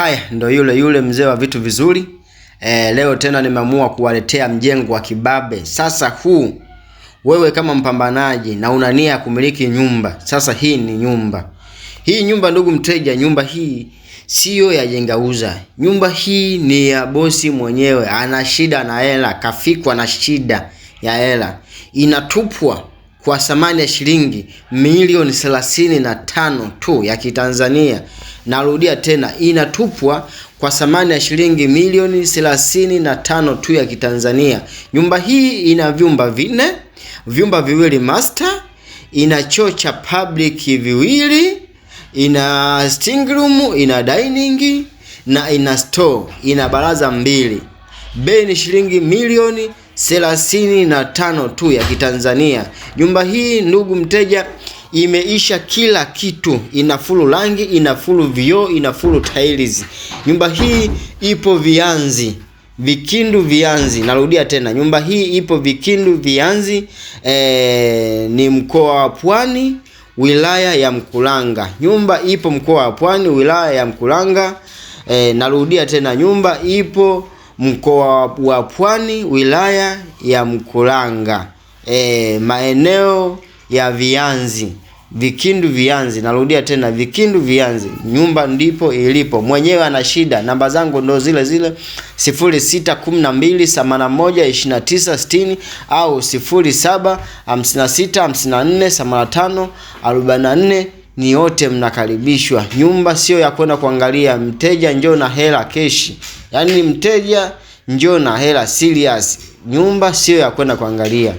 Haya, ndo yule yule mzee wa vitu vizuri e, leo tena nimeamua kuwaletea mjengo wa kibabe. Sasa huu wewe kama mpambanaji na una nia ya kumiliki nyumba, sasa hii ni nyumba hii nyumba, ndugu mteja, nyumba hii siyo ya jengauza. Nyumba hii ni ya bosi mwenyewe, ana shida na hela, kafikwa na shida ya hela. Inatupwa kwa thamani ya shilingi milioni thelathini na tano tu ya Kitanzania narudia tena, inatupwa kwa thamani ya shilingi milioni thelathini na tano tu ya Kitanzania. Nyumba hii ina vyumba vinne, vyumba viwili master, ina choo cha public viwili, ina sitting room, ina dining na ina store, ina baraza mbili. Bei ni shilingi milioni thelathini na tano tu ya Kitanzania. Nyumba hii ndugu mteja imeisha kila kitu, ina fulu rangi, ina fulu vioo, ina fulu tiles. Nyumba hii ipo vianzi vikindu vianzi. Narudia tena, nyumba hii ipo vikindu vianzi. E, ni mkoa wa Pwani, wilaya ya Mkuranga. Nyumba ipo mkoa wa Pwani, wilaya ya Mkuranga. E, eh, narudia tena, nyumba ipo mkoa wa Pwani, wilaya ya Mkuranga. E, eh, maeneo ya vianzi Vikindu Vianzi, narudia tena Vikindu Vianzi, nyumba ndipo ilipo. Mwenyewe ana shida, namba zangu ndo zile zile 0612812960 au 0756548544. Ni wote mnakaribishwa. Nyumba sio ya kwenda kuangalia, mteja njoo na hela keshi, yaani mteja njoo na hela serious. Nyumba sio ya kwenda kuangalia.